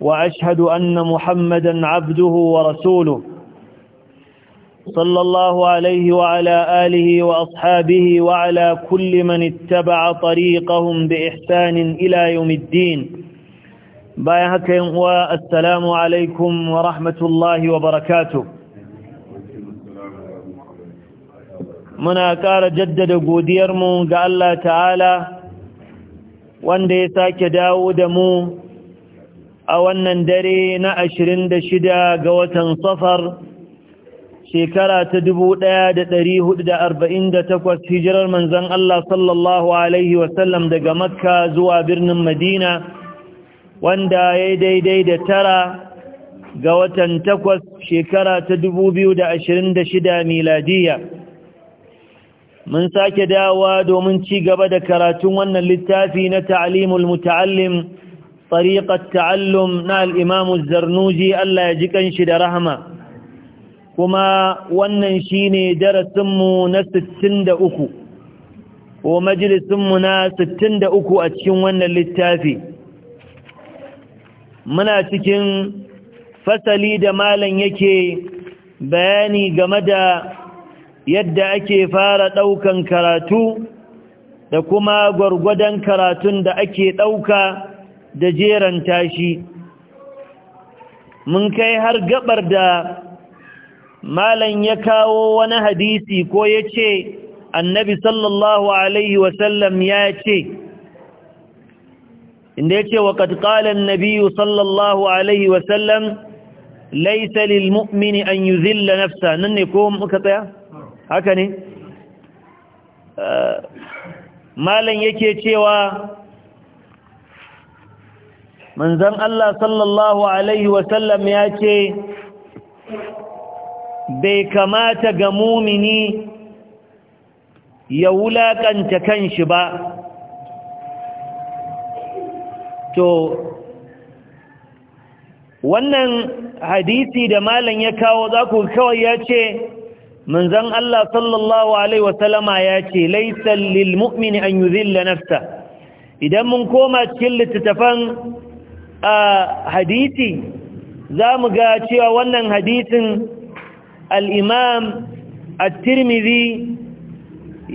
وأشهد أن محمدا عبده ورسوله صلى الله عليه وعلى آله وأصحابه وعلى كل من اتبع طريقهم بإحسان إلى يوم الدين بايهك والسلام عليكم ورحمة الله وبركاته من أكار جدد godiyarmu قال الله تعالى وان ديساك داود مو a wannan dare na ashirin da shida ga watan safar shekara ta dubu ɗaya da da takwas hijirar manzan Allah sallallahu Alaihi wasallam daga makka zuwa birnin madina wanda ya daidai da tara ga watan takwas shekara ta dubu biyu da da miladiya mun sake dawa domin ci gaba da karatun wannan littafi na ta'alimul muta'allim طريقة تعلم shi الإمام الزرنوجي ألا يجيكن شد رحمة كما وننشيني درسمو نستند أكو uku a أكو wannan للتافي muna cikin fasali da malam yake bayani game da yadda ake fara ɗaukan karatu da kuma gwargwadon karatun da ake ɗauka da jeran tashi. mun kai har gabar da malan ya kawo wani hadisi ko ya ce annabi sallallahu alaihi wasallam ya ce inda ya ce wa katkalan nabiyu sallallahu alaihi wasallam laisa lilmu'mini an yi zilla nafsa nan ne ko muka tsaya haka ne eh, malan yake cewa manzon Allah sallallahu alaihi wasallam ya ce bai kamata ga mumini ya wulakanta kanshi ba to wannan hadisi da malam ya kawo za ku kawai ya ce manzan Allah sallallahu Alaihi wasallama ya ce laisan lilmu'mini an yi zilla idan mun koma cikin littattafan A hadisi za mu ga cewa wannan hadisin al'imam at-tirmidhi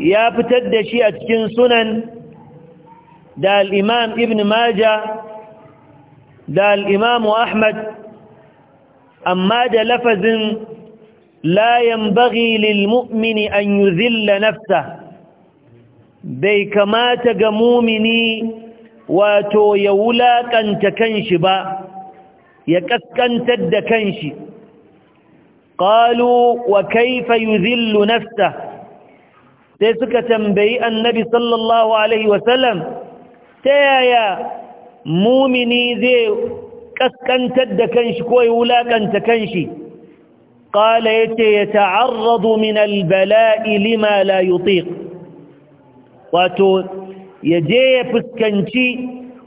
ya fitar da shi a cikin sunan da al'imam ibn maja da al'imamu ahmad amma da lafazin la yambaghi lil mu'mini an yuzilla nafsa bai kamata ga mumini wato ya wulaƙanta kanshi ba ya ƙasƙantar da kanshi ƙalu wa kaifa yuzillu nafsa sai suka tambayi annabi sallallahu alaihi wasallam ta yaya mumini zai ƙasƙantar da kanshi ko ya wulaƙanta kanshi ƙala ya ce ya ta'arrazu min albala'i lima la yutiq wato ya je ya fuskanci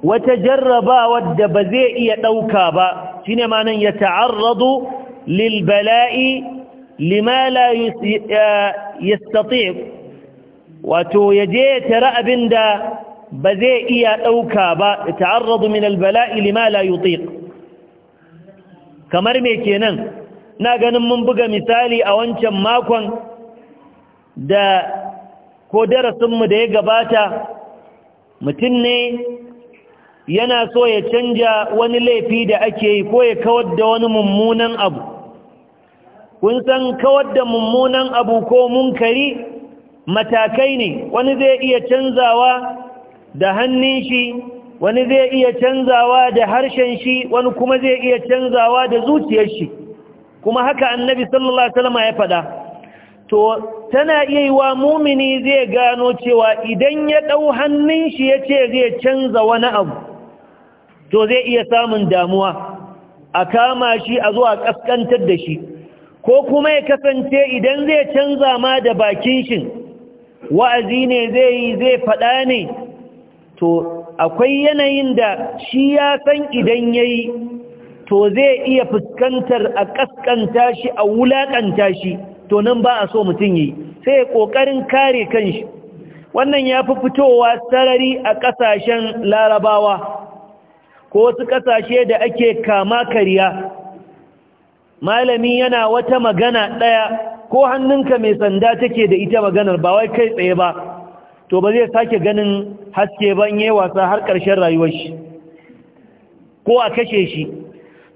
wata jarrabawar da ba zai iya ɗauka ba shine ma ya ta'arradu lil bala'i lima la wato ya je ya tara abin da ba zai iya ɗauka ba ya ta'arradu min bala'i limala la kamar mai kenan na ganin mun buga misali a wancan makon da ko darasinmu da ya gabata mutum ne yana so ya canja wani laifi da ake yi ko ya kawar da wani mummunan abu kun san kawar da mummunan abu ko munkari matakai ne wani zai iya canzawa da hannun shi wani zai iya canzawa da harshen shi wani kuma zai iya canzawa da zuciyar shi kuma haka annabi sallallahu alaihi wasallam ya faɗa to tana iya yi wa mumini zai gano cewa idan ya ɗau hannun shi ya ce zai canza wani abu to zai iya samun damuwa a kama shi a zuwa ƙasƙantar da shi ko kuma ya kasance idan zai canza ma da bakin shi wa'azi ne zai yi zai faɗa ne to akwai yanayin da shi ya san idan ya yi to zai iya fuskantar a ƙasƙanta shi a wulaƙanta shi to nan ba a so mutum yi sai ya ƙoƙarin kare kan shi. wannan ya fi fitowa sarari a ƙasashen larabawa ko wasu ƙasashe da ake kama kariya malami yana wata magana ɗaya ko hannunka mai sanda take da ita maganar ba wai kai tsaye ba to ba zai sake ganin haske ban yi wasa har ƙarshen rayuwar shi ko a kashe shi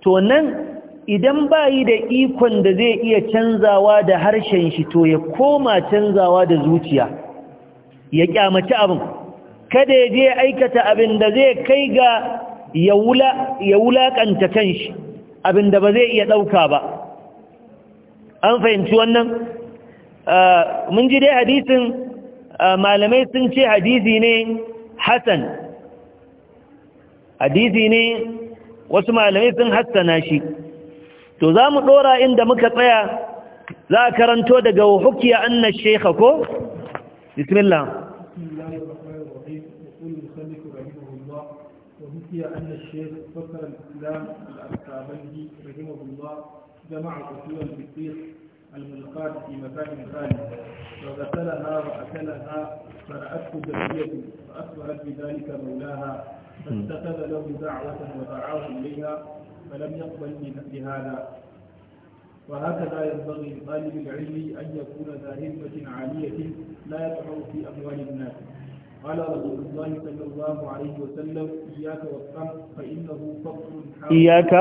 to nan idan bayi da ikon da zai iya canzawa da harshen shi to ya koma canzawa da zuciya ya kyamaci abin kada ya je aikata abin da zai kai ga ya wulaƙanta kanshi abin da ba zai iya ɗauka ba an fahimci wannan mun ji dai hadisin malamai sun ce hadisi ne hasan hadisi ne wasu malamai sun hassana shi to za mu ɗora inda muka tsaya za a karanto daga hukiya annan shekha ko? bismillah هي أن الشيخ فكر الإسلام رحمه الله جمع الملقاة في مكان وغسلها وأكلها فرأته فأخبرت بذلك مولاها فاتخذ له دعوة ودعاه إليها فلم يقبل بهذا وهكذا ينبغي لطالب العلم أن يكون ذا همة عالية لا يطمع في أموال الناس قال رسول الله صلى الله عليه وسلم إياك والطمع فإنه فقر إياك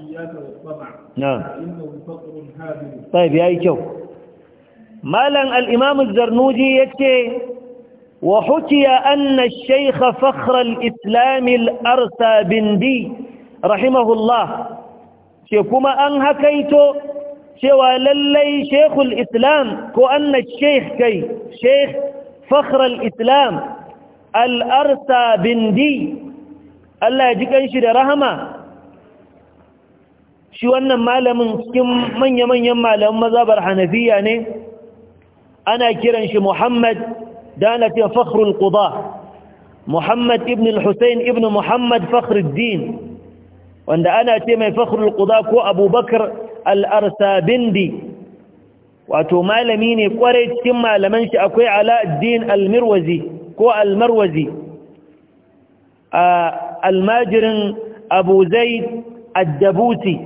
إياك والطمع نعم فإنه فقر حاضر طيب يا أيكو مالا الإمام الزرنوجي يكتي وحكي أن الشيخ فخر الإسلام الأرسى rahimahullah ce kuma an hakaito cewa lallai shekul islam ko anna sheikh kai sheikh fakhral islam al'arsa bindi Allah ya ji kanshi da rahama shi wannan malamin cikin manya-manyan malamin mazabar hanafiya ne ana kiran shi muhammad danatin fakhrul quba muhammad ibn al-hussein ibn muhammad fakhruddin wanda ana ce mai fakhrul quda ko abubakar al-arsabindi wato malami ne kware cikin malaman shi akwai ala'addin al-mirwazi ko al-marwazi almajirin abu zaid ad-dabuti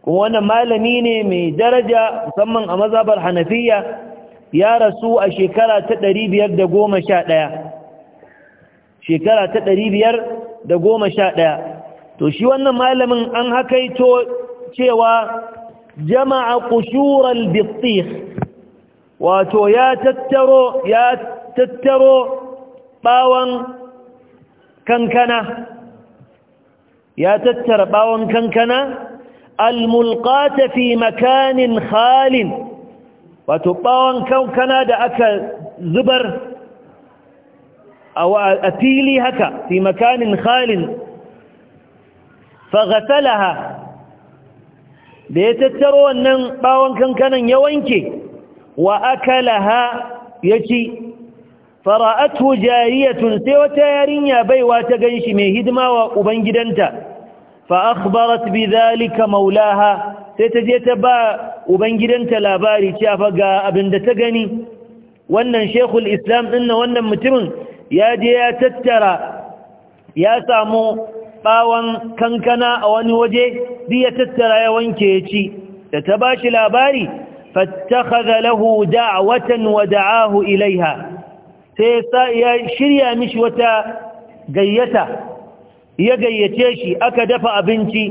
kuma wannan malami ne mai daraja musamman a mazhabar hanafiya ya rasu a shekara ta 511 shekara ta 511 to shi wannan malamin an hakaito cewa jama'a qushural bitih wato ya tattaro ya tattaro bawon kankana ya tattara bawon kankana almulqata fi makanin khalin wato bawon kankana da aka zubar a fili haka fi makanin khalin faghasalaha da ya tattaro wannan bawon kankanan ya wanke wa akalaha ya ci fara'atu jariyatun sai wata yarinya baiwa ta ganshi mai hidima wa ubangidanta fa akhbarat bi zalika maulaha sai ta je ta ba ubangidanta labari cewa fa ga abinda ta gani wannan shekul islam din wannan mutumin ya je ya tattara ya samu bawon kankana a wani waje bi ya tattara ya wanke ya ci da ta ba shi labari fattakhadha lahu da'watan wa da'ahu ilaiha sai ya shirya mishi wata gayyata ya gayyace shi aka dafa abinci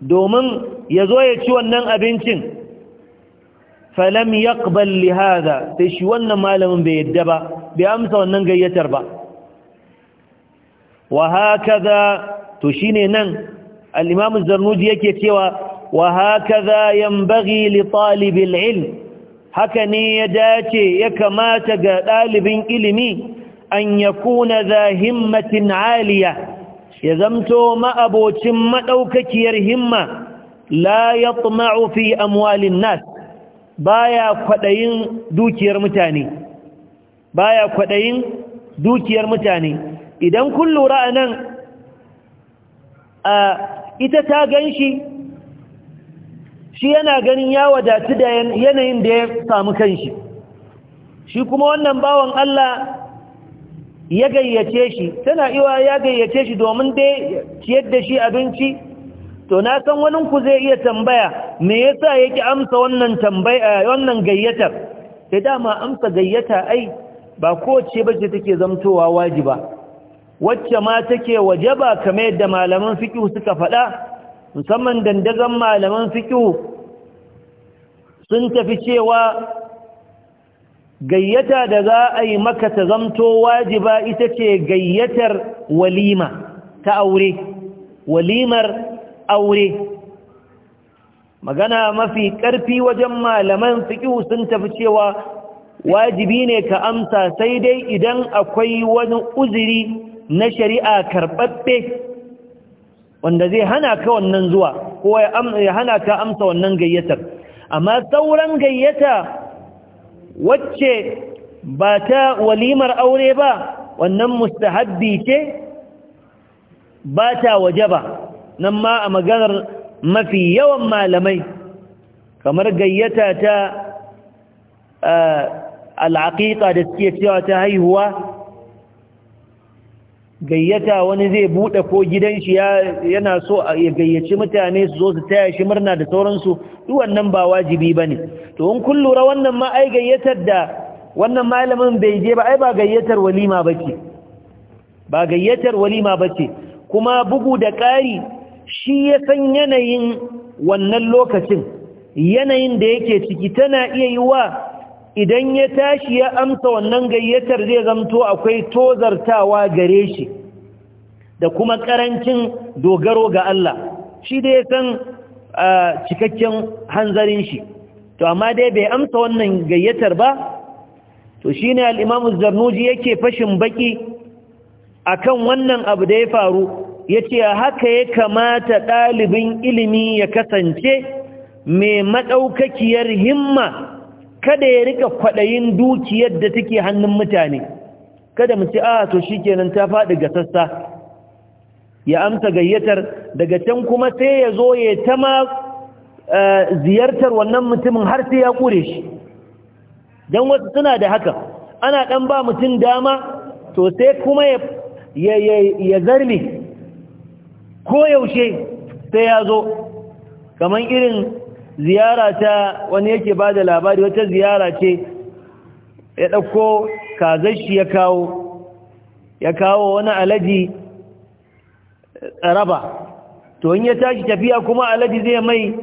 domin ya zo ya ci wannan abincin falam yaqbal li hadha sai shi wannan malamin bai yadda ba bai amsa wannan gayyatar ba wa to shine nan al-imam zarnuji yake cewa wa hakaza yanbaghi li talib ilm haka ne ya dace ya kamata ga dalibin ilimi an yakuna za himmatin aliya ya zamto ma'abocin madaukakiyar himma la yatma'u fi amwalin nas baya kwadayin dukiyar mutane baya kwadayin dukiyar mutane idan kun lura a nan ita ta gan shi shi yana ganin ya wadatu da yanayin da ya samu kan shi Shi kuma wannan bawan Allah ya gayyace shi tana iwa ya gayyace shi domin dai ciyar da shi abinci to na san wani ku zai iya tambaya me yasa yake amsa wannan tambaya wannan gayyatar da dama amsa gayyata ai ba kowace bace take zamtowa wajiba wacce ma take wajaba kamar yadda malaman fiqh suka faɗa musamman dandagan malaman fiqh sun tafi cewa gayyata da za a yi maka ta zamto wajiba ita ce gayyatar walima ta aure walimar aure magana mafi ƙarfi wajen malaman fiqh sun tafi cewa wajibi ne ka amsa sai dai idan akwai wani uzuri na shari'a karɓaɓɓe wanda zai hana ka wannan zuwa ko ya hana ka amsa wannan gayyatar amma sauran gayyata wacce ba ta walimar aure ba wannan mustahabbi ce ba ta waje ba nan ma a maganar mafi yawan malamai kamar gayyata ta eh, al'aƙiƙa da suke cewa ta haihuwa gayyata wani zai bude ko gidan shi yana so ya gayyaci mutane su zo su taya shi murna da sauransu duk wannan ba wajibi bane to in kun lura wannan ma ai gayyatar da wannan malamin bai je ba ai ba gayyatar walima bace ba gayyatar walima bace kuma bugu da ƙari shi ya san yanayin wannan lokacin yanayin da yake ciki tana iya yi wa idan ya tashi ya amsa wannan gayyatar zai zamto akwai tozartawa gare shi da kuma karancin dogaro ga Allah shi da san cikakken hanzarin shi to amma dai bai amsa wannan gayyatar ba to shine al-Imam Zarnuji yake fashin baki akan wannan abu da ya faru yace haka ya kamata ɗalibin ilimi ya kasance mai madaukakiyar himma kada ya rika kwaɗayin dukiyar da take hannun mutane kada mu ce a ah, to shi kenan ta faɗi ga sassa ya amsa gayyatar daga can kuma sai ya zo ya ta ma eh, ziyartar wannan mutumin har sai ya ƙure shi don wasu suna da haka ana ɗan ba mutum dama to sai kuma ya zarme ko yaushe sai ya zo kamar irin ziyara ta wani yake ba da labari wata ziyara ce ya ɗauko kazashi ya kawo ya kawo wani alaji raba to in ya tashi tafiya kuma alaji zai mai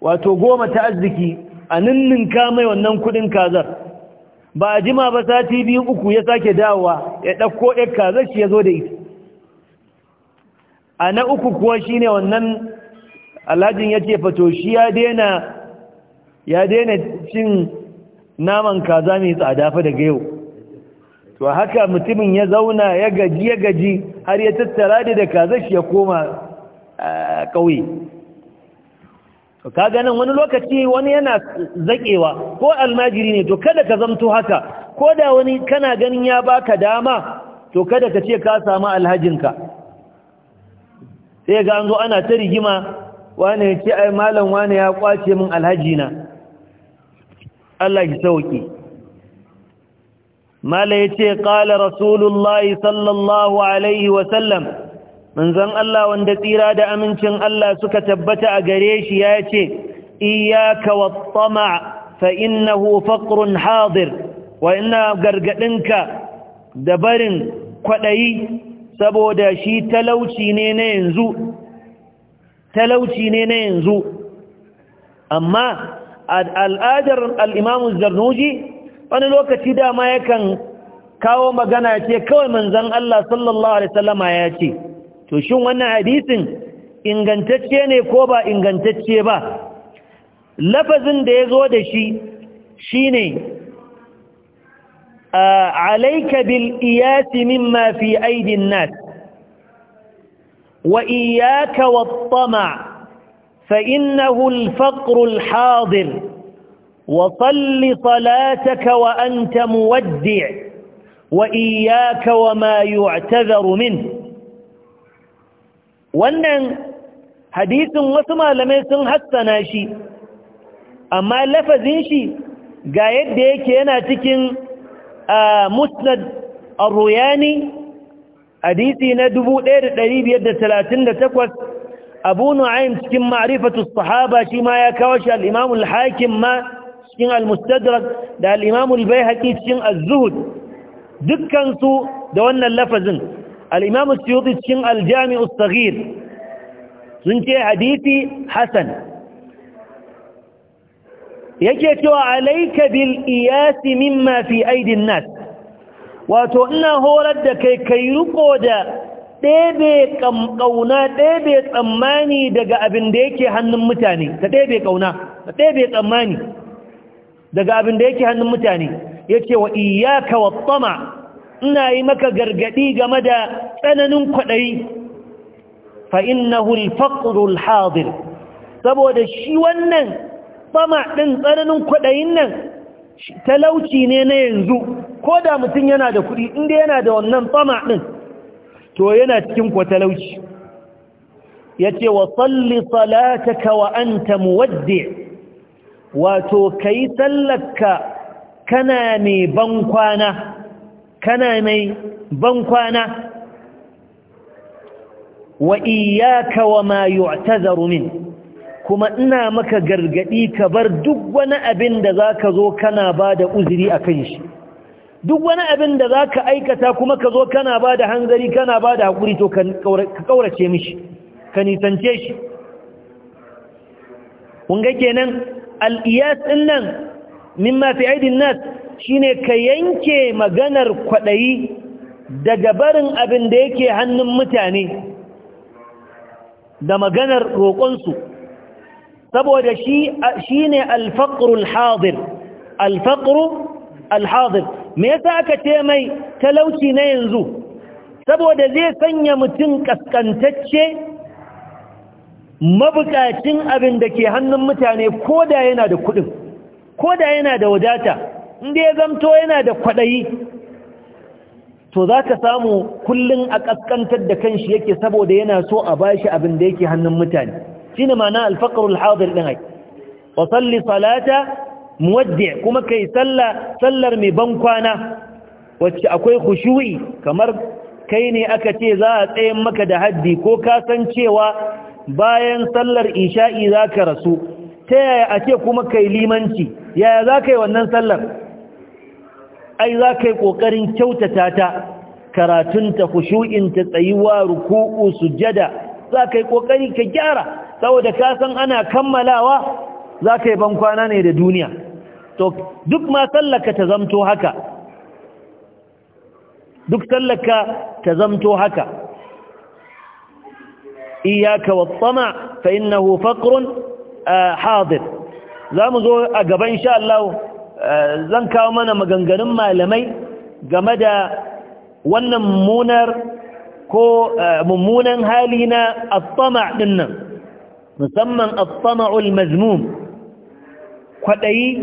wato goma ta arziki a ninninka mai wannan kudin kazar ba a jima ba sati biyu uku ya sake dawowa ya ɗauko ya kazar shi ya zo da ita a na uku kuwa shine wannan alhajin ya ce fato shi ya daina cin naman kaza mai tsada fa daga yau to haka mutumin ya zauna ya gaji ya gaji har ya tattara da da kaza shi ya koma kauye ka ganin wani lokaci wani yana zaƙewa ko almajiri ne to kada ka zamto haka ko da wani kana ganin ya baka dama to kada ka ce ka samu alhajinka sai ga an zo ana ta rigima wane ya ce ai malam wane ya kwace min alhaji na Allah ki sauki mala ya ce ƙala rasulullahi sallallahu alaihi wasallam manzan Allah wanda tsira da amincin Allah suka tabbata a gare shi ya ce iyaka wa tsama fa innahu faqrun hadir wa ina gargadinka da barin kwaɗayi saboda shi talauci ne na yanzu talauci ne na yanzu amma al'adar al'imamun zarnuji wani lokaci dama yakan kawo magana ce kawai manzan Allah sallallahu Alaihi wasallama ya ce to shin wannan hadisin ingantacce ne ko ba ingantacce ba lafazin da ya zo da shi shi ne alaika bil iyasi mimma aidin وإياك والطمع فإنه الفقر الحاضر وصل صلاتك وأنت مودع وإياك وما يعتذر منه wannan hadisin wasu malamai sun hassana shi amma lafazin shi ga yadda yake yana cikin musnad ar-ruyani hadisi na 1538 abu nu'aym cikin ma'rifatu sahaba shi ma ya kawo shi al-imam al-hakim ma cikin al-mustadrak da al-imam al-baihaqi cikin az-zuhd dukkan su da wannan lafazin al-imam as-suyuti cikin al-jami' as-saghir sun ce hadisi hasan yake cewa alayka bil iyas mimma fi aidin nas wato ina horar da kai kai riko da ɗebe ƙauna ɗebe tsammani daga abin da yake hannun mutane ka ɗebe ƙauna ka ɗebe tsammani daga abin da yake hannun mutane ya wa iyaka wa tsama ina yi maka gargaɗi game da tsananin kwaɗayi fa'innahu alfaƙurul hadir saboda shi wannan tsama ɗin tsananin kwaɗayin nan talauci ne na yanzu ko da mutum yana da kuɗi inda yana da wannan tsama ɗin to yana cikin kwatalauci ya ce wa tsalli tsalata kawa an ta muwadde wato ka yi tsallaka kana mai bankwana kana mai bankwana wa iyaka wa ma min kuma ina maka gargadi ka bar duk wani abin da za ka zo kana ba uziri uzuri kan shi duk wani abin da za ka aikata kuma ka zo kana ba da hanzari kana ba da haƙuri to ka ƙaurace mishi ka nisance shi kunga kenan al'iyas ɗin nan mimma fi aidin nas shine ka yanke maganar kwaɗayi daga barin abin da yake hannun mutane da maganar roƙonsu saboda shi ne alfaƙarul hadir alfaƙarul hadir me yasa aka ce mai talauci na yanzu saboda zai sanya mutum kaskantacce mabukacin abin da ke hannun mutane ko da yana da kudin ko da yana da wadata inda ya zamto yana da kwadayi to za ka samu kullum a kaskantar da kanshi yake saboda yana so a bashi abin da yake hannun mutane shine ma'ana na hadir din ai wa salli salata muwadde kuma kai sallah sallar mai ban kwana wacce akwai khushu'i kamar kai ne aka ce za a tsayen maka da haddi ko ka san cewa bayan sallar isha'i za ka rasu ta yaya a ce kuma kai limanci yaya za ka yi wannan sallar ai za ka yi ƙoƙarin kyautata ta karatunta ta tsayuwa ruku'u sujada za ka yi kokari ka gyara saboda ka san ana kammalawa za ka yi kwana ne da duniya to duk ma sallaka ta zamto haka duk sallaka ta zamto haka iyaka wat-tama fa innahu faqrun eh, hadir zamu zo a gaban insha Allah eh, zan kawo mana maganganun malamai game da wannan munar ko eh, mummunan hali na attama dinnan musamman attama'ul mazmum kwadayi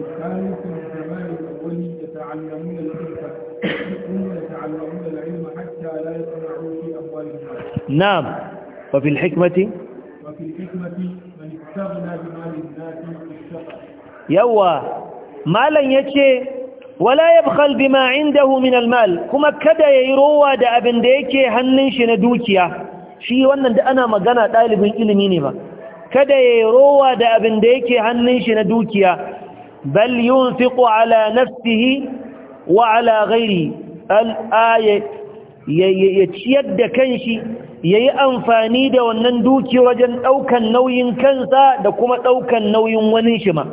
نعم وفي الحكمة وفي الحكمة من استغنى بمال الناس يوى مالا يتشي ولا يبخل بما عنده من المال كما كدا يروى دا ابن ديكي هننش ندوكيا شي وانا دا انا مغانا تالب الاليميني ما كده يروى دا ابن ديكي هننش ندوكيا بل ينفق على نفسه وعلى غيره الآية يتشيد كنشي ya yi amfani da wannan duki wajen ɗaukan nauyin kansa da kuma ɗaukan nauyin wani shi ma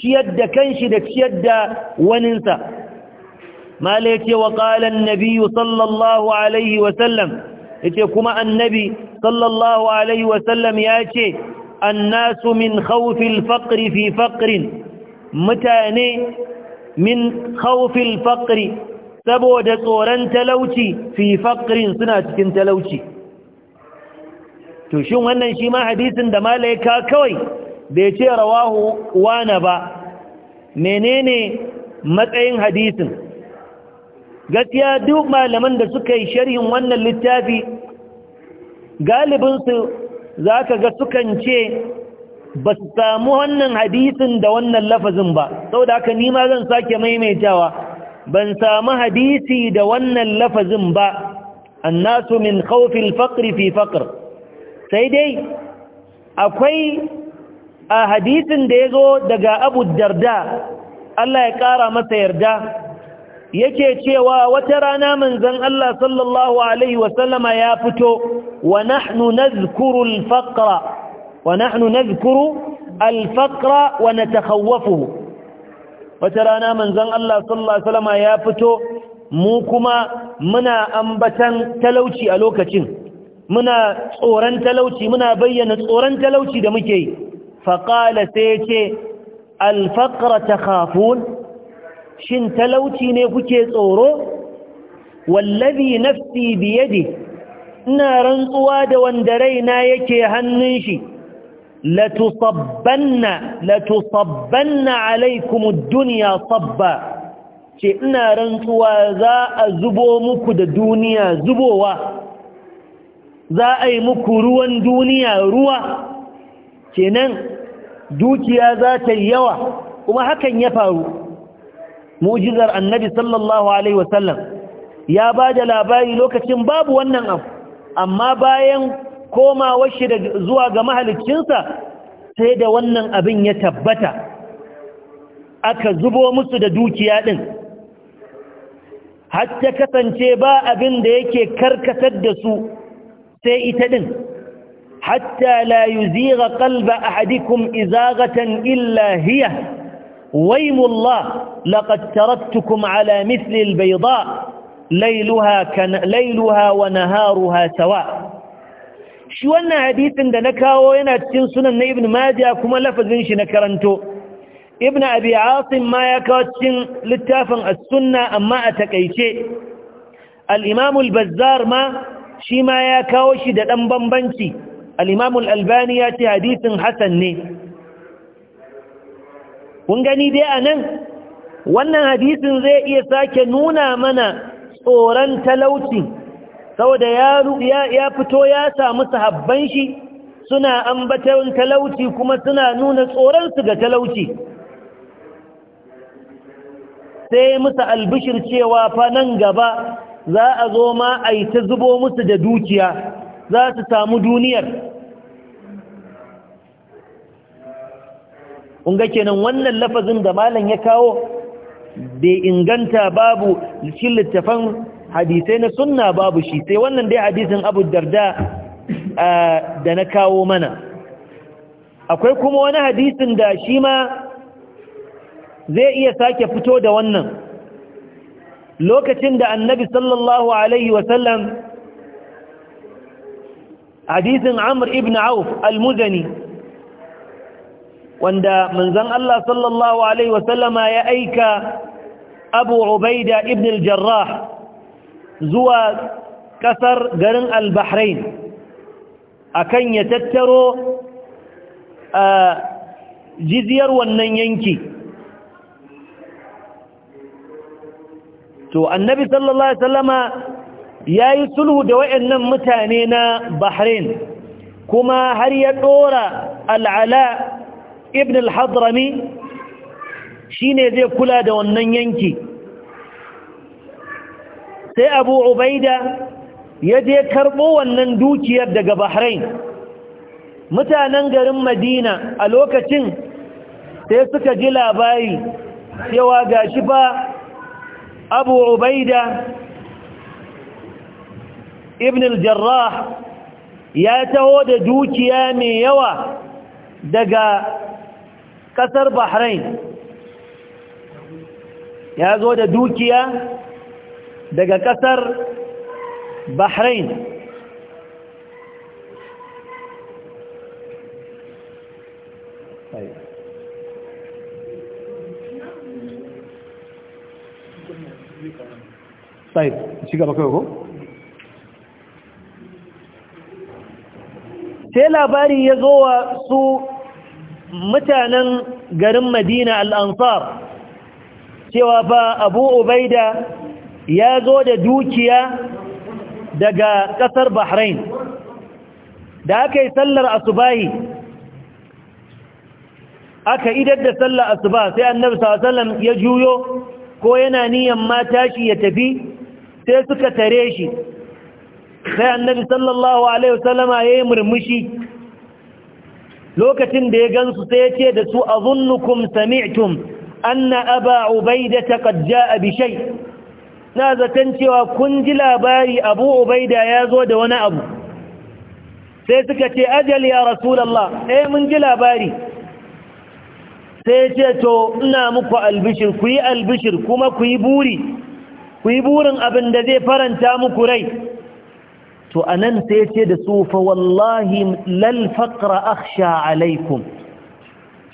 ciyar da kanshi da ciyar da waninsa mala ya ce wa ƙalan nabiyu sallallahu alaihi wasallam ya ce kuma annabi sallallahu alaihi wasallam ya ce annasu min khawfil faƙri fi faƙrin mutane min khawfil faƙri saboda tsoron talauci fi faƙrin suna cikin talauci to shin wannan shi ma hadisin da malaika kawai bai ce rawahu wana ba menene matsayin hadisin gaskiya duk malaman da suka yi sharhin wannan littafi galibinsu za ka ga sukan ce ba su samu wannan hadisin da wannan lafazin ba sau da haka nima zan sake maimaitawa ban samu hadisi da wannan lafazin ba annasu min khawfil faqri fi faqr sai dai akwai a hadisin da ya zo daga abu darda Allah ya ƙara masa yarda yake cewa wata rana manzan Allah sallallahu Alaihi wasallama ya fito wa nahnu nazkuru al-faqra wa nahnu nazkuru al-faqra wa natakhawwafuhu wata rana manzan Allah sallallahu Alaihi wasallama ya fito mu kuma muna ambatan talauci a lokacin muna tsoron talauci muna bayyana tsoron talauci da muke yi faƙala sai ce alfaƙara ta kafun shin talauci ne kuke tsoro wallabi nafsi biyadi ina rantsuwa da wanda raina yake hannun shi latusabbanna latusabbanna alaikum duniya sabba ce ina rantsuwa za a zubo muku da duniya zubowa za a yi muku ruwan duniya ruwa kenan dukiya za ta yi yawa kuma hakan ya faru mu'jizar annabi sallallahu alaihi wasallam ya ba da labari lokacin babu wannan abu amma bayan komawar shi zuwa ga mahalicinsa sai da wannan abin ya tabbata aka zubo musu da dukiya ɗin hatta kasance ba abin da yake karkatar da su sai ita din hatta la yuzigha ƙalba ahadikum hadikun izagatan hiya waymullah laqad ala mithli albayda laylaha kan wa naharuha sawa shi wannan hadisin da na kawo yana cikin sunan na ibn majah kuma lafazin shi na karanto ibn abi asim ma ya kawo cikin littafin as-sunna amma a takaice al-imam bazzar ma shi ma ya kawo shi da ɗan bambanci al'imamul albani ya ce hadisin hassan ne kun gani dai a nan wannan hadisin zai iya sake nuna mana tsoron talauci saboda ya fito ya samu sahabban shi suna ambatar talauci kuma suna nuna tsoronsu ga talauci sai musu albishir cewa fa nan gaba za a zo ma a yi ta zubo musu da dukiya za su samu duniyar ƙunga kenan wannan lafazin da malam ya kawo bai inganta babu shi littafan hadisai na sunna babu shi sai wannan dai hadisin abu darda da na kawo mana akwai kuma wani hadisin da shi ma zai iya sake fito da wannan lokacin da annabi sallallahu alaihi wasallam hadisin amr ibn auf al-muzani wanda manzon Allah sallallahu alaihi wasallama ya aika abu ubaida ibn al-jarrah zuwa kasar garin al-bahrain akan ya tattaro jiziyar wannan yanki to annabi sallallahu alaihi wasallama yayi sulhu da wayannan mutane na Bahrain kuma har ya dora al-Ala ibn al-Hadrami shine zai kula da wannan yanki sai Abu Ubaida ya je karbo wannan dukiyar daga Bahrain mutanen garin Madina a lokacin sai suka ji labari cewa gashi ba. abu ubaida ibn al-jarrah ya taho da dukiya mai yawa daga kasar ya zo da dukiya daga kasar bahrain sai labari ya zo wa su mutanen garin madina al'ansar cewa ba abu ubaida ya zo da dukiya daga ƙasar bahrain da aka yi sallar asubahi aka idar da sallar asuba sai annabi ya juyo ko yana niyan matashi ya tafi sai suka tare shi sai annabi sallallahu alaihi wasallama yayi murmushi lokacin da ya gansu sai ya ce da su azunnukum sami'tum anna aba ubaida qad jaa bi shay na zaton cewa kun ji labari abu ubaida ya zo da wani abu sai suka ce ajal ya rasulullah eh mun ji labari sai ya ce to ina muku albishir ku yi albishir kuma ku yi buri ku yi burin abin da zai faranta muku rai to anan sai ce da su fa wallahi lal faqra alaikum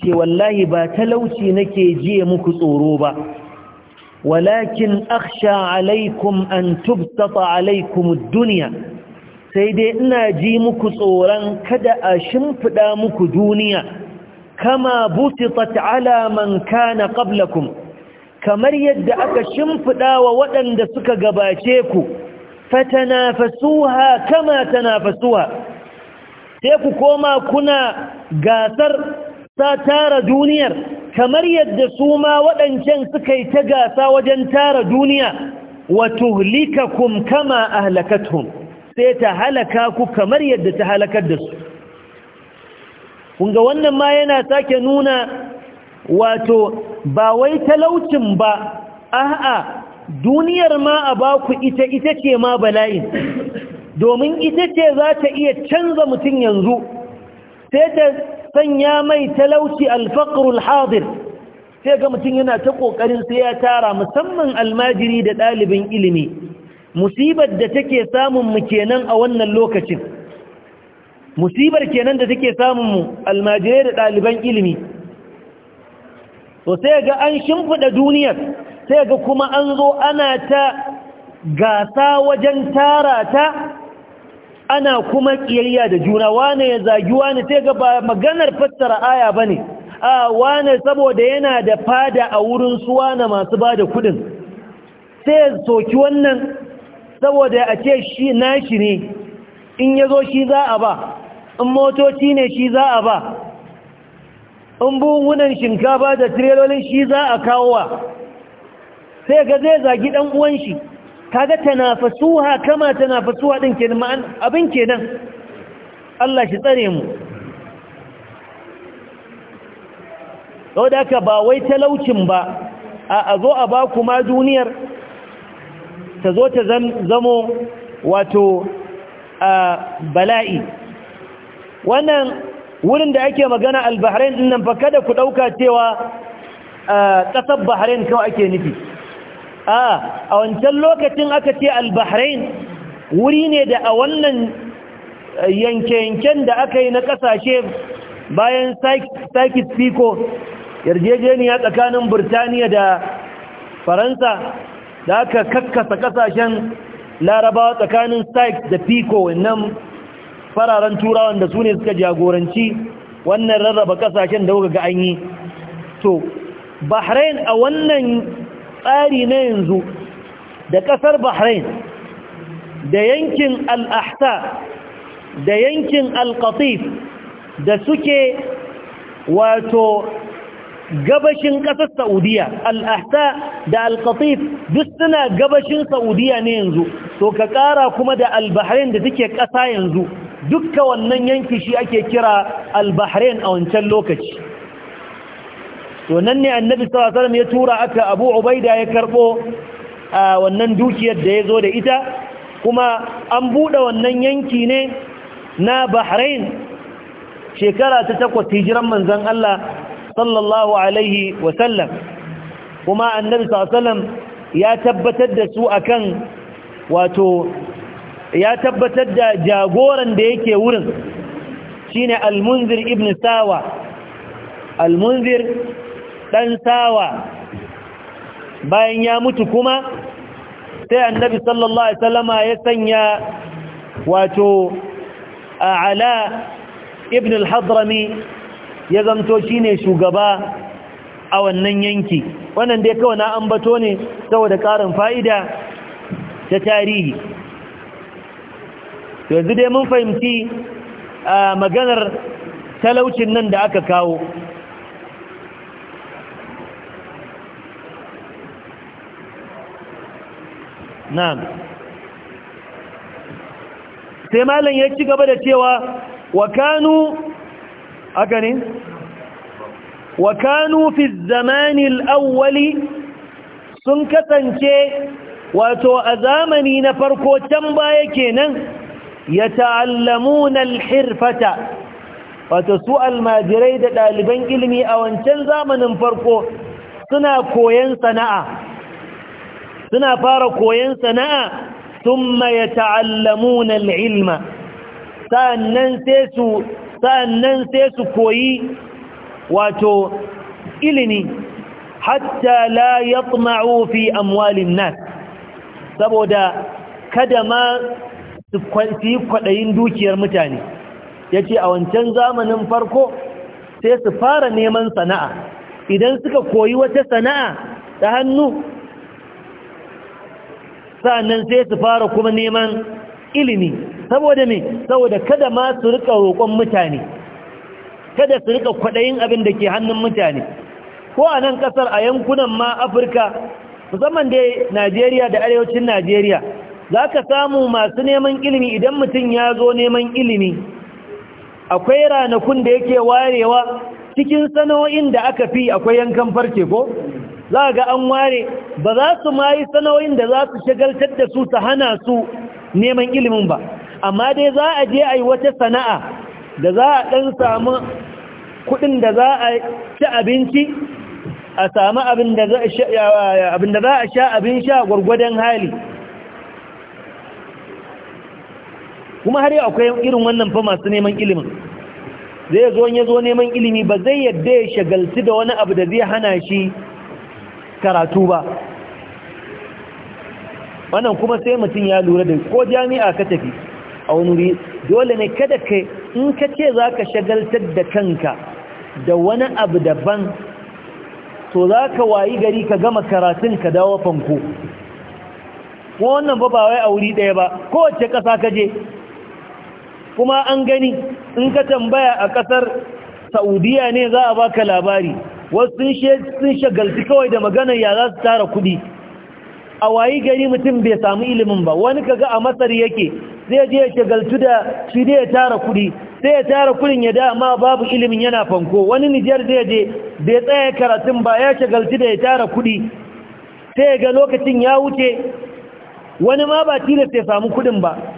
ce wallahi ba talauci nake jiye muku tsoro ba walakin aksha alaikum an tubtata alaikum duniya sai dai ina ji muku tsoron kada a shimfiɗa muku duniya kama butitat ala man kana qablakum kamar yadda aka shimfiɗa wa waɗanda suka gabace ku fatanafasuha kama tanafasuha sai ku koma kuna gasar ta tara duniyar kamar yadda su ma waɗancan suka yi ta gasa wajen tara duniya wa tuhlikakum kama ahlakatuhum sai ta halaka ku kamar yadda ta halakar da su kun wannan ma yana sake nuna wato ba wai talaucin ba a'a duniyar ma a ku ita ita ce ma bala'in domin ita ce za ta iya canza mutum yanzu sai ta sanya mai talauci alfakarul hadir sai ga mutum yana ta ƙoƙarin sai ya tara musamman almajiri da ɗalibin ilimi musibar da take samun mu kenan a wannan lokacin musibar kenan da take samun mu almajirai da ɗaliban ilimi to sai ga an shimfiɗa duniyar sai ga kuma an zo ana ta gasa wajen tara ta ana kuma ƙiyayya da juna wane ya zagi wane sai ga ba maganar fassara aya ba ne a wane saboda yana da fada a wurin su wane masu ba da kudin sai ya soki wannan saboda a ce shi nashi ne in ya zo shi za a ba in motoci ne shi za a ba in buhunan shinkafa da tirelolin shi za a kawowa sai ga zai zagi dan uwan shi kaga tanafasuha kama tanafasuha din kenan ma'an abin kenan Allah shi tsare mu da ka ba wai talaucin ba a zo a ba kuma duniyar ta zo ta zamo wato a bala'i wannan wurin da ake magana al-bahrain din nan fa kada ku dauka cewa kasar bahrain kawai ake nufi a a wancan lokacin aka ce al-bahrain wuri ne da a wannan yanke-yanken da aka yi na kasashe bayan sakit fiko yarjejeniya tsakanin burtaniya da faransa da aka kakkasa kasashen larabawa tsakanin sykes da fiko wannan fararen turawan da su ne suka jagoranci wannan rarraba kasashen da ga an yi to bahrain a wannan tsari na yanzu da kasar bahrain da yankin al'ahta da yankin al-qatif da suke wato gabashin ƙasar saudiya al'ahta da al-qatif duk suna gabashin saudiya ne yanzu to ka ƙara kuma da al-bahrain da take ƙasa yanzu dukka wannan yanki shi ake kira al-bahrain a wancan lokaci to nan ne annabi sallallahu alaihi ya tura aka abu ubaida ya karbo wannan dukiyar da ya zo da ita kuma an buɗe wannan yanki ne na bahrain shekara ta takwas hijiran manzon Allah sallallahu alaihi sallam. kuma annabi sallallahu alaihi ya tabbatar da su akan wato ya tabbatar da jagoran da yake wurin shine almunzir ibn sawa almunzir dan sawa bayan ya mutu kuma sai annabi sallallahu alaihi wasallama ya sanya wato ala ibn al-hadrami ya zamto shine shugaba a wannan yanki wannan dai kawai na ambato ne saboda karin fa'ida ta tarihi to yanzu dai mun fahimci maganar talaucin nan da aka kawo na'am sai malam ya ci gaba da cewa wa kanu aka ne fi awwali sun kasance wato a zamani na farko can baya kenan yata'allamuna al-hirfata wato su almajirai da ɗaliban ilimi a wancan zamanin farko suna koyan suna fara koyan sana'a thumma yata'allamuna al-ilma sa'annan sai su sai su koyi wato ilimi hatta la yatma'u fi amwalin nas saboda kada ma su yi kwaɗayin dukiyar mutane ya ce a wancan zamanin farko sai su fara neman sana'a idan suka koyi wata sana'a ta hannu sa'annan sai su fara kuma neman ilimi saboda me saboda kada ma su rika roƙon mutane kada su rika kwaɗayin abin da ke hannun mutane ko a nan ƙasar a yankunan ma afirka musamman dai najeriya da arewacin najeriya za ka samu masu neman ilimi idan mutum ya zo neman ilimi akwai ranakun da yake warewa cikin sana'o'in da aka fi akwai yankan farce ko za ga an ware ba za su mayi yi sana'o'in da za su shagaltar da su ta hana su neman ilimin ba amma dai za a je a yi wata sana'a da za a ɗan samu kuɗin da za a ci abinci a samu abin da za a sha abin sha gwargwadon hali kuma har yau akwai irin wannan fa masu neman ilimin zai zo ya zo neman ilimi ba zai yadda ya shagalci da wani abu da zai hana shi karatu ba wannan kuma sai mutum ya lura da ko jami'a ka tafi a wani wuri dole ne kada ka in ka ce za ka shagaltar da kanka da wani abu daban to za ka wayi gari ka gama karatun ka dawo fanko ko wannan ba ba wai a wuri ɗaya ba kowace ƙasa ka je kuma an gani in ka tambaya a kasar saudiya ne za a baka labari wasu sun shagalci kawai da maganar ya za su tara kudi a wayi gari mutum bai samu ilimin ba wani kaga a masar yake zai je ya shagaltu da shi dai ya tara kudi sai ya tara kudin ya dama babu ilimin yana fanko wani nijar zai je bai tsaye karatun ba ya shagaltu da ya tara kudi sai ga lokacin ya wuce wani ma ba tilasta ya samu kudin ba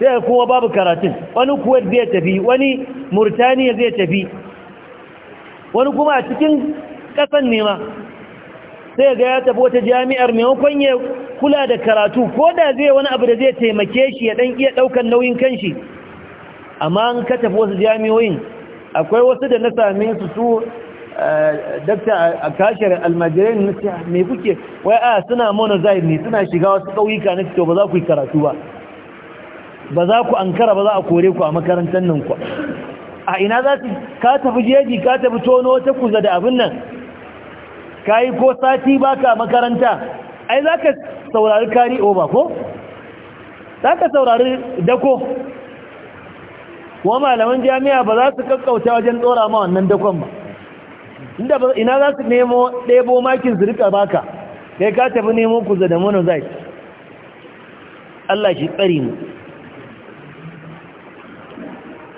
sai kuma babu karatun wani kuwait zai tafi wani murtaniya zai tafi wani kuma a cikin ƙasan nema sai ga ya tafi wata jami'ar maimakon ya kula da karatu ko da zai wani abu da zai taimake shi ya ɗan iya ɗaukar nauyin kanshi amma an ka tafi wasu jami'oyin akwai wasu da na same su su eh, dakta a kashar almajirai mai kuke wai a ah, suna zai ne suna shiga wasu ƙauyuka na fito ba za ku yi karatu ba ba za ku ankara ba za a kore ku a makarantar nan ku a ina za su ka tafi jeji ka tafi tono ta kuza da abin nan ka yi ko sati ba ka makaranta ai za ka saurari kari oba ko za ka saurari dako kuma malaman jami'a ba za su kakkauta wajen tsora ma wannan dakon ba inda ina za su nemo ɗebo makin su rika baka kai ka tafi nemo kuza da zai? Allah shi tsari mu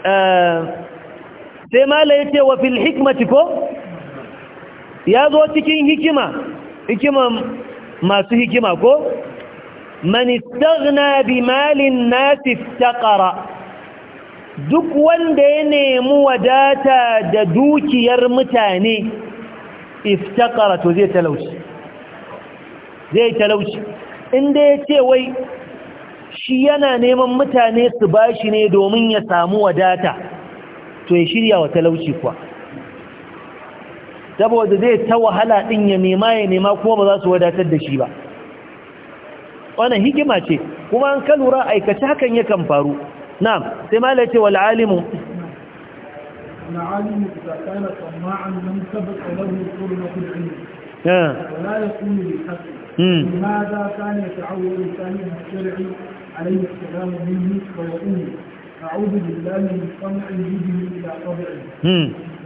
Eh, sai mala ya ce wa fil hikmati ko ya zo cikin hikima hikima masu hikima ko Mani istaghna bi malin nas iftaqara duk wanda ya nemi wadata da dukiyar mutane iftaqara to zai talauci zai talauci inda ya ce wai shi yana neman mutane su ba shi ne domin ya samu wadata to ya shirya wa talauci kuwa saboda zai ta wahala din ya nema ya nema kuma ba za su wadatar da shi ba wannan hikima ce kuma an ka lura aikace hakan yakan faru Na, sai malai ce wal alimu ولا يكون بالحق لماذا كان يتعول من الشرعي عليه السلام منه ويقول أعوذ بالله من صنع يده إلى طبعه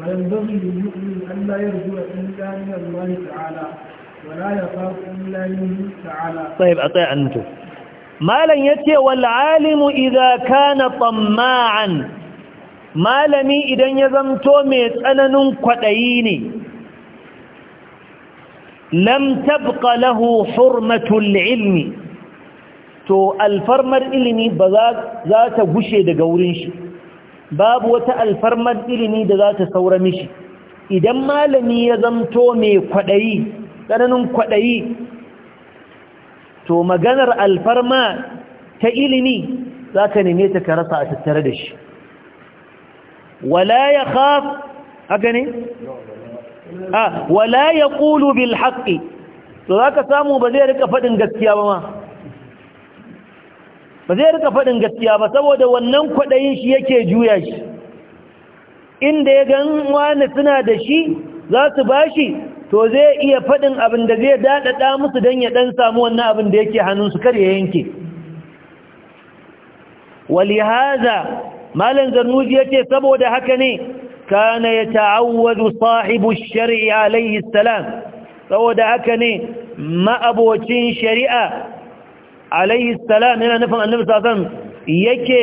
وينبغي للمؤمن أن لا يرجو إلا من الله تعالى ولا يخاف إلا منه تعالى طيب أطيع أنتم ما لن يتي والعالم إذا كان طماعا ما لمي اذا يزم توميت أنا ننقطعيني لم تبق له حرمة العلم to alfarmar ilimi ba za ta gushe daga wurin shi babu wata alfarmar ilimi da za ta saura mishi idan malami ya zamto mai kwaɗayi tsananin kwaɗayi to maganar alfarma ta ilimi za ka neme ta ka rasa a tattare da shi wala ya khaf haka ne? Ah, wala ya ƙulu bil haƙƙi to za ka samu ba zai rika faɗin gaskiya ba ma ba zai rika faɗin gaskiya ba saboda wannan kwaɗayin shi yake juya shi inda ya gan wani suna da shi za su ba shi to zai iya faɗin abin da zai daɗaɗa musu don ya ɗan samu wannan abin da yake hannunsu kar ya yanke haza! malam zarnuji yake saboda haka ne kana ya ta'awwazu sahibu shari'a alaihi salam saboda haka ne ma'abocin shari'a alaihi salam yana nufin annabi sallallahu yake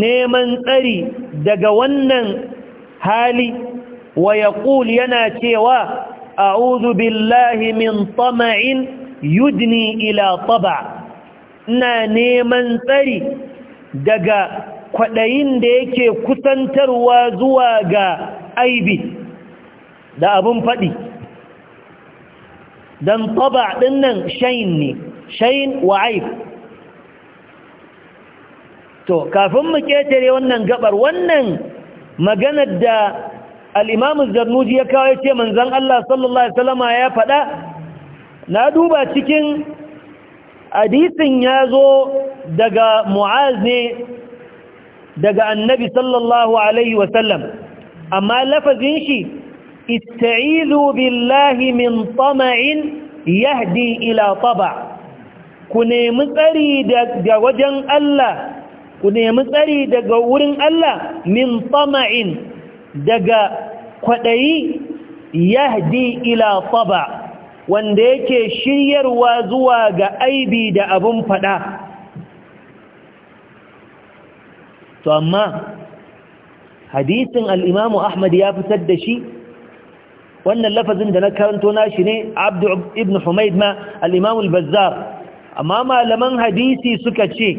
neman tsari daga wannan hali wa yaqul yana cewa a'udhu billahi min tama'in yudni ila taba ina neman tsari daga kwadayin da yake kusantarwa zuwa ga aibi da abun fadi dan taba dinnan shayin ne shayin wa aib to kafin mu ketare wannan gabar wannan maganar da al-Imam Zarnuji ya kawo yace manzon Allah sallallahu alaihi wasallama ya faɗa na duba cikin hadisin yazo daga Mu'az ne daga Annabi sallallahu alaihi wasallam amma lafazin shi ista'izu billahi min tama'in yahdi ila taba' ku nemi tsari daga wajen Allah ku nemi tsari daga wurin Allah min tama'in daga kwaɗayi yahdi ila taba wanda yake shiryarwa zuwa ga aibi da abun faɗa to amma hadisin al'imamu Ahmad ya fitar da shi wannan lafazin da na karanto nashi ne abdu ibn humaid ma al'imamu al-bazzar amma malaman hadisi suka ce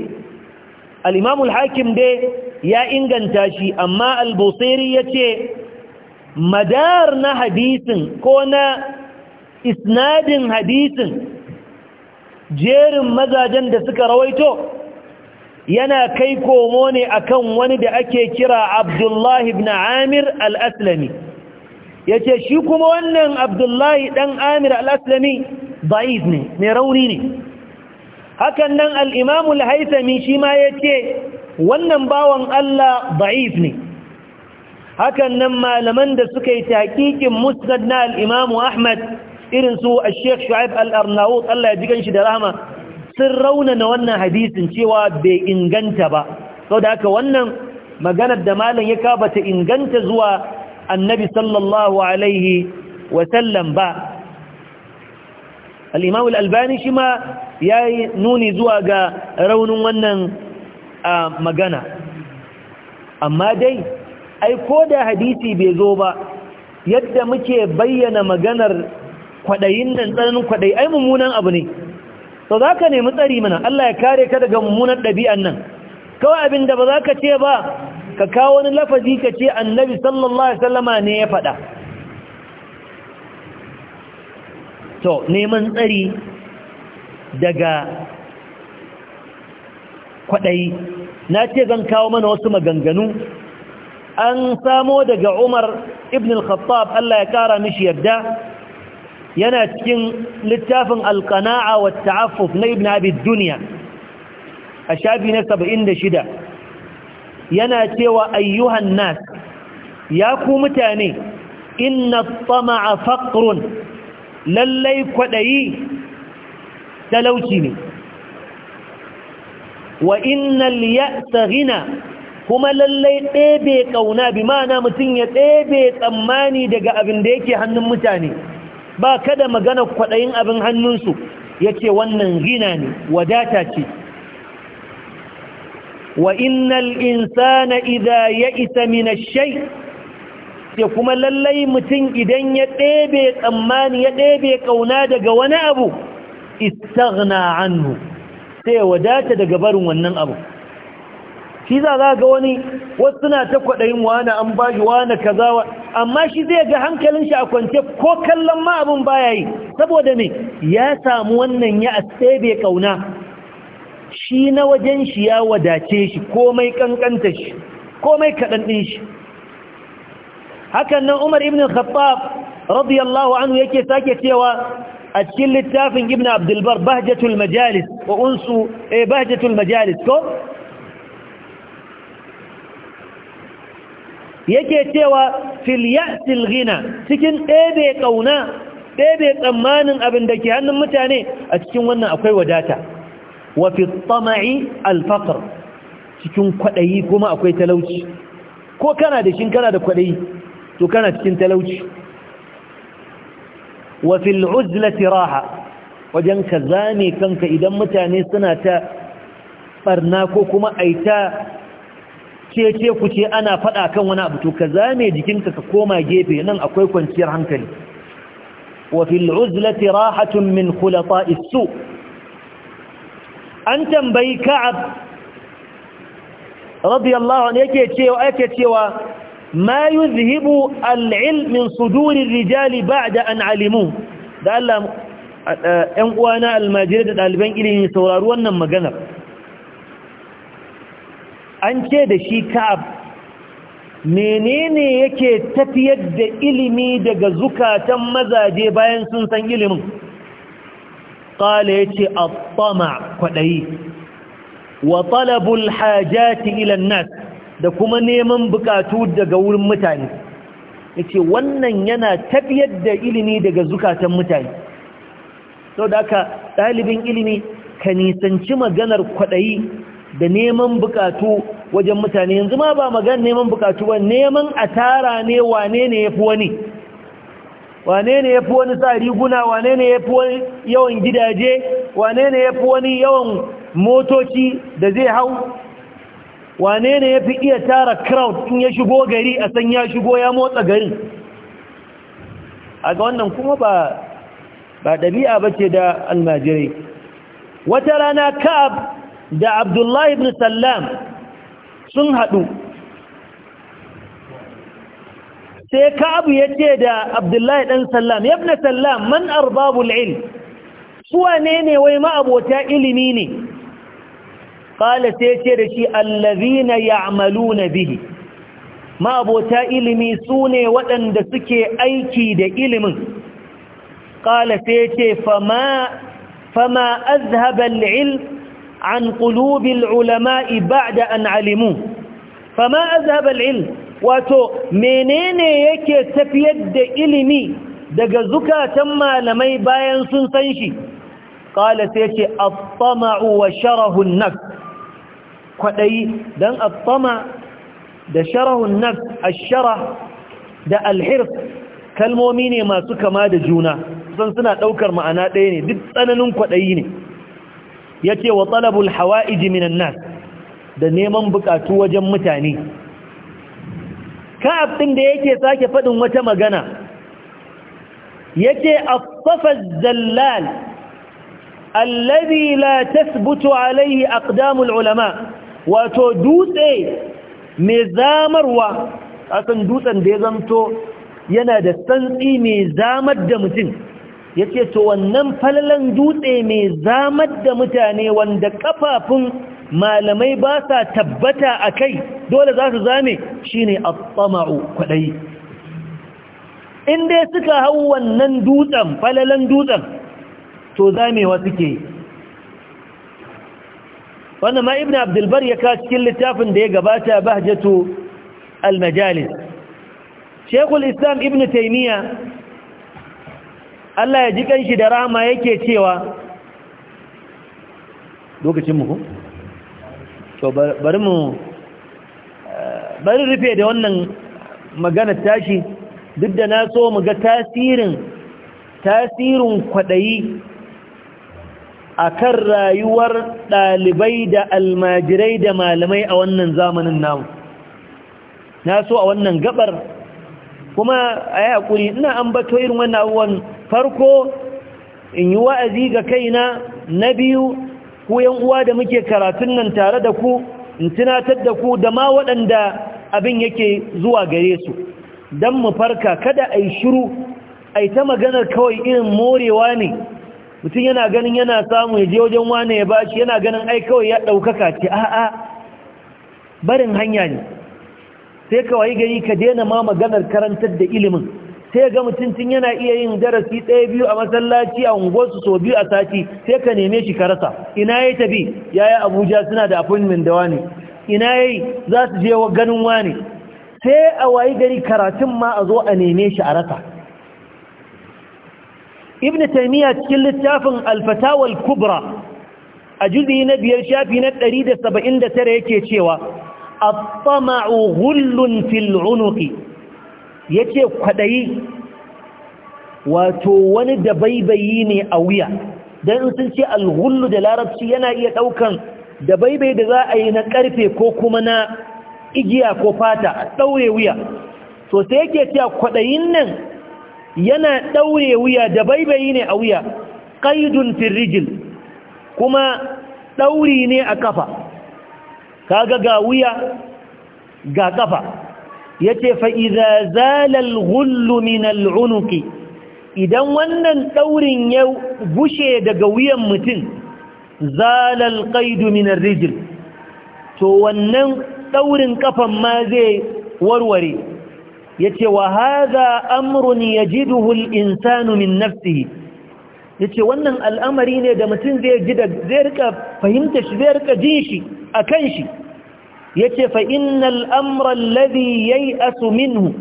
al hakim dai ya inganta shi amma al ya yace madar na hadisin ko na isnadin hadisin jerin mazajen da suka rawaito yana kai komo ne akan wani da ake kira Abdullahi ibn Amir al-Aslami yace shi kuma wannan Abdullahi dan Amir al-Aslami da'if ne mai rauni ne hakan nan al-imam shi ma yace wannan bawan Allah da'if ne hakan nan malaman da suka yi taqiqin musnad na Al'imamu ahmad irin su a sheikh shu'aib al-arnaut Allah ya ji kanshi da rahama sun raunana wannan hadisin cewa bai inganta ba da haka wannan maganar da malam ya kaba ta inganta zuwa annabi sallallahu alaihi wasallam ba al'imam al'albani shi ma ya yi nuni zuwa ga raunin wannan magana amma dai ai ko da hadisi bai zo ba yadda muke bayyana maganar kwaɗayin nan tsananin kwaɗayi ai mummunan abu ne to za ka nemi tsari mana Allah ya kare ka daga mummunar ɗabi'an nan kawai abinda baza ba ka ce ba ka kawo wani lafazi ka ce annabi sallallahu alaihi wasallama ne ya faɗa to neman tsari daga kwaɗayi na ce zan kawo mana wasu maganganu an samo daga umar ibn al-khattab Allah ya kara mishi yarda yana cikin littafin alkana'a wa ta'affuf na ibn abi duniya a shafi na 76 yana cewa ayyuhan nas ya ku mutane inna tama'a faqrun lallai kwaɗayi talauci ne wa innal ya'sa tsarina kuma lallai ɗebe ƙauna bi ma'ana mutum ya ɗebe tsammani daga abin da yake hannun mutane ba kada magana kwaɗayin abin hannunsu ya ce wannan rina ne wadata ce wa innal insana idha ya isa minashai ce kuma lallai mutum idan ya ɗebe tsammani ya ɗebe ƙauna daga wani abu istagna anhu sai wadata daga barin wannan abu shi za za ga wani wasu na ta kwaɗayin wani an ba shi wani kaza amma shi zai ga hankalin shi a kwance ko kallon ma abin baya yi saboda ne ya samu wannan ya tsebe ƙauna shi na wajen shi ya wadace shi komai ƙanƙanta shi komai kaɗan ɗin shi hakan nan Umar ibn Khattab radiyallahu anhu yake sake cewa a cikin littafin Ibn Abdul Bar Bahjatul Majalis wa unsu eh Bahjatul Majalis ko yake cewa fil ya'sil ghina cikin ɗebe kauna ɗebe tsammanin abin da ke hannun mutane a cikin wannan akwai wadata wa fi tama'i al faqr cikin kwadayi kuma akwai talauci ko kana da shin kana da kwadayi to kana cikin talauci wa fil uzlati raha wajen ka zame kanka idan mutane suna ta barna ko kuma aita cece ku ce ana fada kan wani abu to ka zame jikinka ka koma gefe nan akwai kwanciyar hankali wa fil uzlati rahatun min khulata'i su an tambayi ka'ab radiyallahu anhu yake cewa yake cewa ma yuzhibu al'ilm min sudurir rijali ba'da an alimu da Allah ɗan uwana almajirai da ɗaliban ilimi saurari wannan maganar an ce da shi ka'ab menene yake tafiyar da ilimi daga zukatan mazaje bayan sun san ilimin ƙala ya ce a tsama kwaɗayi wa talabul hajjati ilan nas da kuma neman bukatu daga wurin mutane yace wannan yana tafiyar da ilimi daga zukatan mutane Sau da aka ɗalibin ilimi ka nisanci maganar kwaɗayi da neman bukatu wajen mutane yanzu ma ba magan neman bukatu ba neman a tara ne wane ne ya fi wani wane ne ya fi wani sa riguna wane ne ya fi wani yawan gidaje wane ne ya fi wani yawan motoci da zai hau wane ne ya fi iya tara crowd in ya shigo gari a san ya shigo ya motsa gari a ga wannan kuma ba ba ɗabi'a ba ce da almajirai wata rana ka'ab da abdullahi ibn sallam sun haɗu sai ka'abu ya ce da abdullahi ɗan sallam ya sallam man arbabul il suwa ne ne wai ma'abota ilimi ne ƙala sai ce da shi allazina ya'maluna bihi ma abota ilimi su ne waɗanda suke aiki da ilimin ƙala sai ce fama azhabar il an ƙulubin ulama'i ba da an alimu fama azhabar il wato menene yake tafiyar da ilimi daga zukatan malamai bayan sun san shi ƙala sai ce aftama'u wa sharahun kwaɗayi don attama da sharahun nafs ashara da alhirs kalmomi ne masu kama da juna san suna ɗaukar ma'ana ɗaya ne duk tsananin kwaɗayi ne ya ce wa talabul hawa'iji minan nas da neman bukatu wajen mutane ka'ab ɗin da yake sake faɗin wata magana yake affafa zallal la tasbutu تثبت عليه أقدام العلماء wato dutse mai zamarwa akan dutsen da ya zanto yana da santsi mai zamar da mutum ya ce to wannan falalan dutse mai zamar da mutane wanda kafafun malamai ba sa tabbata a kai dole za su zame shi ne a tsama'u kwaɗayi inda suka hau wannan dutsen falalan dutsen to zamewa suke wannan ma ibn abdulbar ya kawo cikin littafin da ya gabata bahjatu al-majalis shekul islam ibn taimiyya Allah ya ji kanshi da rahama yake cewa lokacin mu to bari mu eh, bari rufe da wannan magana tashi duk da na so mu ga tasirin tasirin kwadayi akan rayuwar ɗalibai da almajirai da malamai a wannan zamanin namu na so a wannan gabar kuma a yi haƙuri ina an ambato irin wannan abubuwan farko in yi wa'azi ga kaina na biyu ku yan uwa da muke karatun nan tare da ku in tunatar da ku da ma waɗanda abin yake zuwa gare su don mu farka kada a yi shiru a ta maganar kawai irin morewa ne mutum yana ganin yana samu ya je wajen wane ya bashi yana ganin ai kawai ya ɗaukaka ce a'a barin hanya ne sai ka wayi gari ka daina ma maganar karantar da ilimin sai ga mutum tun yana iya yin darasi ɗaya biyu a masallaci a unguwarsu sau biyu a sati sai ka neme shi ka rasa ina ya tafi yaya abuja suna da appointment da wani ina yayi za su je ganin wani sai a wayi gari karatun ma a zo a neme shi a rasa ibn taymiya cikin littafin al kubra a juz'i na biyar shafi na 179 yake cewa at-tama'u ghullun fil 'unuqi yace kwadayi wato wani dabaibayi ne a wuya dan sun ce al-ghullu da larabci yana iya daukan dabaibayi da za a yi na karfe ko kuma na igiya ko fata a daure wuya to sai yake cewa kwadayin nan yana ɗaure wuya da baibayi ne a wuya ƙaidun firrijil kuma ɗauri ne a ƙafa kaga ga wuya ga ƙafa ya ce fa'iza zalal hullu min idan wannan ɗaurin ya bushe daga wuyan mutum zalal ƙaidu min rijil to wannan ɗaurin ƙafan ma zai warware yace wa hadha amrun yajiduhu al-insanu min nafsihi yace wannan al'amari ne da mutum zai ji da zai rika fahimta shi zai rika jin shi kan shi yace fa innal amra alladhi yay'asu minhu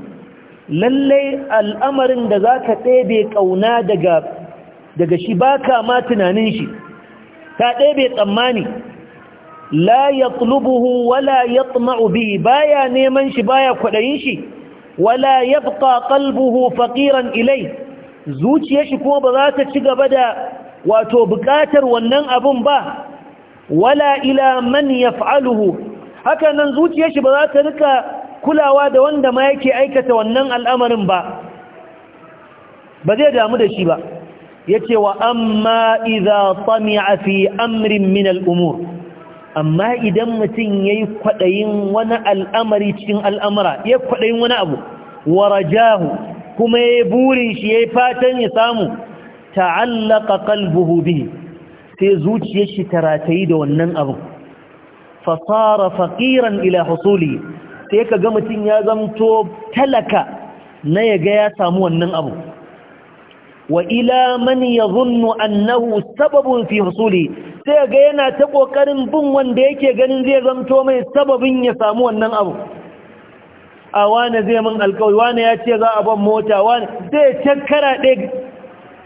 lalle al'amarin da zaka ɗebe kauna daga daga shi baka ma tunanin shi ta ɗebe tsammani la yatlubuhu wala yatma'u bi baya neman shi baya kwadayin shi wala yabqa qalbuhu faqiran ilai zuciyar kuma ba za ta ci gaba da wato bukatar wannan abun ba wala ila man yaf'aluhu haka nan zuciyar ba za ta rika kulawa da wanda ma yake aikata wannan al'amarin ba ba zai damu da shi ba yace wa amma idza tami'a fi amrin min al'umur amma idan mutum ya yi kwaɗayin wani al'amari cikin al'amura ya kwaɗayin wani abu wa rajahu kuma ya burin shi ya yi fatan ya samu ta'allaka kalbuhu bi sai zuciyar shi taratayi da wannan abu fasara faƙiran ila hasuli sai ka ga mutum ya zamto talaka na ya ga ya samu wannan abu wa ila man ya zunnu annahu sababin fi hasuli sai ga yana ta ƙoƙarin bin wanda yake ganin zai zamto mai sababin ya samu wannan abu a wane zai min alkawai wane ya ce za a ban mota wane zai cakkara ɗaya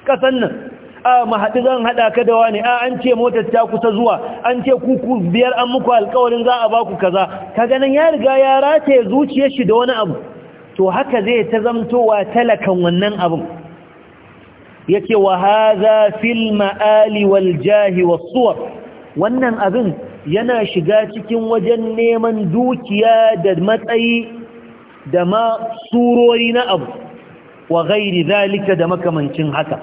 ƙasan nan a mahaɗi zan haɗa ka da wane a an ce motar ta kusa zuwa an ce kuku biyar an muku alkawarin za a ba kaza ka ganin ya riga ya rataye zuciyar shi da wani abu to haka zai ta zamtowa talakan wannan abin Yake wa hadha fil ma'ali wal jahi was suwar wannan abin yana shiga cikin wajen neman dukiya da matsayi da ma surori na abu wa ghairi zalika da makamancin haka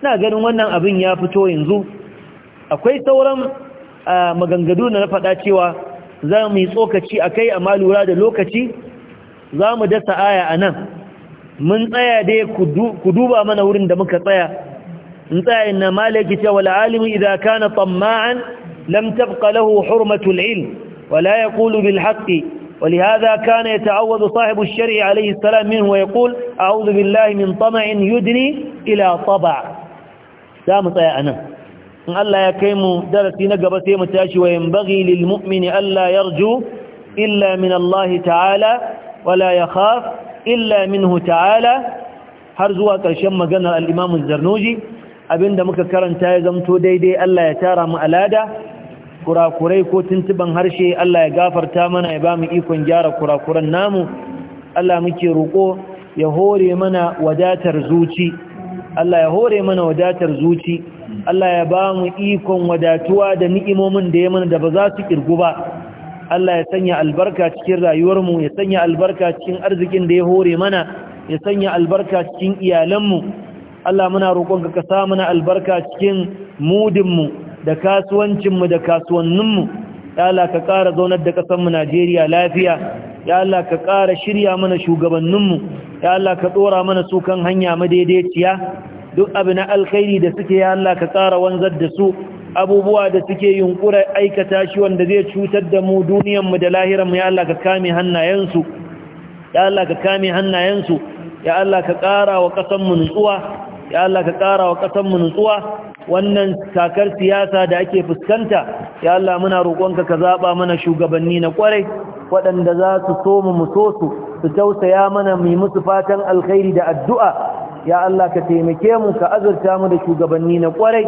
Ina ganin wannan abin ya fito yanzu akwai sauran maganganu na faɗa cewa za mu yi tsokaci akai amma lura da lokaci za mu dasa aya a nan mun tsaya dai ku duba mana wurin da muka tsaya in tsaya inna malaki cewa al'alimu idza kana tamma'an lam tabqa lahu hurmatu al-ilm wa la yaqulu bil ولهذا كان يتعوذ صاحب الشرع عليه السلام منه ويقول أعوذ بالله من طمع يدني إلى طبع سامة يا أنا إن الله يكيم درسي نقبتي متاشي وينبغي للمؤمن ألا يرجو إلا من الله تعالى ولا يخاف illa minhu ta'ala har zuwa ƙarshen maganar al'imamun zarnoji abinda muka karanta ya zamto daidai Allah ya tara mu alada kurakurai ko tuntuban harshe Allah ya gafarta mana ya ba mu ikon gyara kurakuran namu Allah muke roƙo ya hore mana wadatar zuci Allah ya hore mana wadatar zuci Allah ya ba mu ikon wadatuwa da ni'imomin da ya mana da ba za su ƙirgu ba Allah ya sanya albarka cikin rayuwarmu ya sanya albarka cikin arzikin da ya hore mana ya sanya albarka cikin iyalanmu Allah muna roƙonka ka sa mana albarka cikin mudinmu da kasuwancinmu da kasuwanninmu ya Allah ka ƙara zaunar da ƙasarmu Najeriya lafiya ya Allah ka ƙara shirya mana shugabanninmu ya Allah ka ɗora mana su kan hanya madaidaiciya duk abu na alkhairi da suke ya Allah ka ƙara wanzar da su abubuwa da suke yunkura aikata shi wanda zai cutar da mu duniyanmu da lahiranmu ya Allah ka kame hannayensu ya Allah ka kame hannayensu ya Allah ka ƙara wa ƙasanmu nutsuwa ya Allah ka ƙara wa ƙasanmu nutsuwa wannan kakar siyasa da ake fuskanta ya Allah muna roƙonka ka zaɓa mana shugabanni na ƙwarai waɗanda za su so mu mu so su su tausaya mana mu musu fatan alkhairi da addu'a ya Allah ka taimake mu ka azurta mu da shugabanni na ƙwarai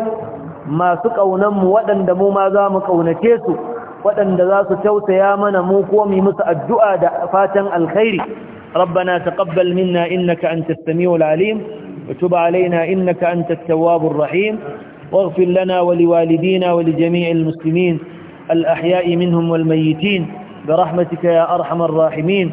ما kaunanmu waɗanda mu ma za mu kaunace su waɗanda za su tausaya mana mu ko mu yi musu addu'a ربنا تقبل منا إنك أنت السميع العليم وتب علينا إنك أنت التواب الرحيم واغفر لنا ولوالدينا ولجميع المسلمين الأحياء منهم والميتين برحمتك يا أرحم الراحمين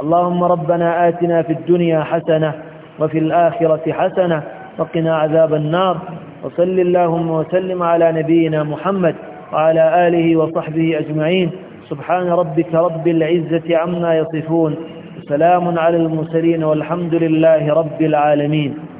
اللهم ربنا آتنا في الدنيا حسنة وفي الآخرة حسنة وقنا عذاب النار وصل اللهم وسلم على نبينا محمد وعلى آله وصحبه أجمعين سبحان ربك رب العزة عما يصفون وسلام على المرسلين والحمد لله رب العالمين